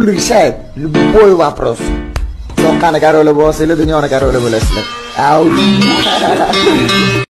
Пуль решает любой вопрос. Сомкана королева Босса или Дуньона королева Лесля. Ауч.